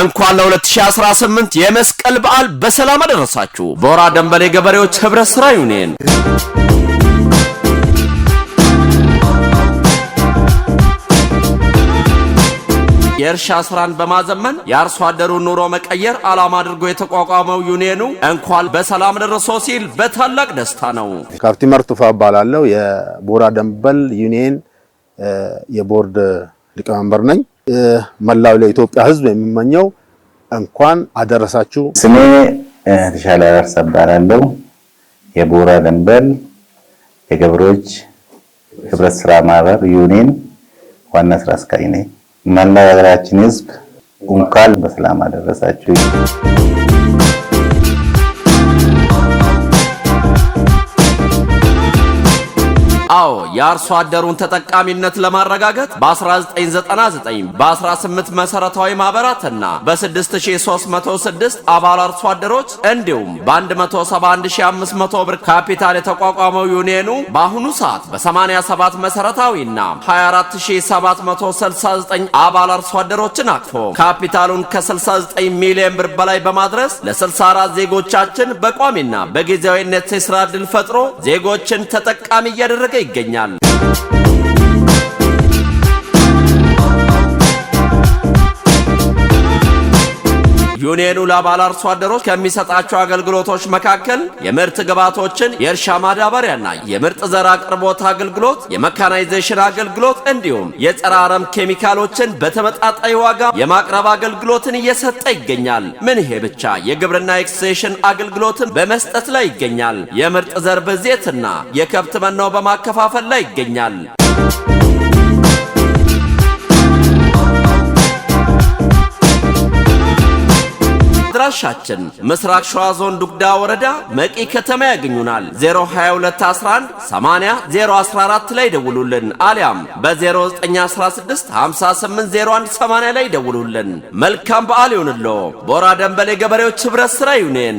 እንኳን ለ2018 የመስቀል በዓል በሰላም አደረሳችሁ። ቦራ ደንበሌ ገበሬዎች ህብረት ስራ ዩኒየን የእርሻ ስራን በማዘመን የአርሶ አደሩን ኑሮ መቀየር ዓላማ አድርጎ የተቋቋመው ዩኒየኑ እንኳን በሰላም ደረሶ ሲል በታላቅ ደስታ ነው። ካፕቲመር ቱፋ እባላለሁ። የቦራ ደንበል ዩኒየን የቦርድ ሊቀመንበር ነኝ። መላው ለኢትዮጵያ ሕዝብ የሚመኘው እንኳን አደረሳችሁ። ስሜ ተሻለ አራርሳ እባላለሁ። የቦራ ደንበል የገበሬዎች ህብረት ስራ ማህበር ዩኒየን ዋና ስራ አስኪያጅ ነኝ። እና ለሀገራችን ሕዝብ እንኳን በሰላም አደረሳችሁ። አዎ የአርሶ አደሩን ተጠቃሚነት ለማረጋገጥ በ1999 በ18 መሰረታዊ ማህበራትና በ6306 አባል አርሶ አደሮች እንዲሁም በ171500 ብር ካፒታል የተቋቋመው ዩኒየኑ በአሁኑ ሰዓት በ87 መሰረታዊና 24769 አባል አርሶ አደሮችን አቅፎ ካፒታሉን ከ69 ሚሊዮን ብር በላይ በማድረስ ለ64 ዜጎቻችን በቋሚና በጊዜያዊነት የስራ ዕድል ፈጥሮ ዜጎችን ተጠቃሚ እያደረገ ይገኛል። ይገኛል። ዩኒየኑ ለአባል አርሶ አደሮች ከሚሰጣቸው አገልግሎቶች መካከል የምርት ግብዓቶችን፣ የእርሻ ማዳበሪያና የምርጥ ዘር አቅርቦት አገልግሎት፣ የመካናይዜሽን አገልግሎት እንዲሁም የጸረ አረም ኬሚካሎችን በተመጣጣኝ ዋጋ የማቅረብ አገልግሎትን እየሰጠ ይገኛል። ምን ይሄ ብቻ! የግብርና ኤክስቴንሽን አገልግሎትን በመስጠት ላይ ይገኛል። የምርጥ ዘር ብዜትና የከብት መኖ በማከፋፈል ላይ ይገኛል። አድራሻችን ምስራቅ ሸዋ ዞን ዱግዳ ወረዳ መቂ ከተማ ያገኙናል። 022118014 ላይ ደውሉልን፣ አሊያም በ0916580180 ላይ ደውሉልን። መልካም በዓል ይሁንልዎ። ቦራ ደንበሌ ገበሬዎች ኅብረት ሥራ ዩኒየን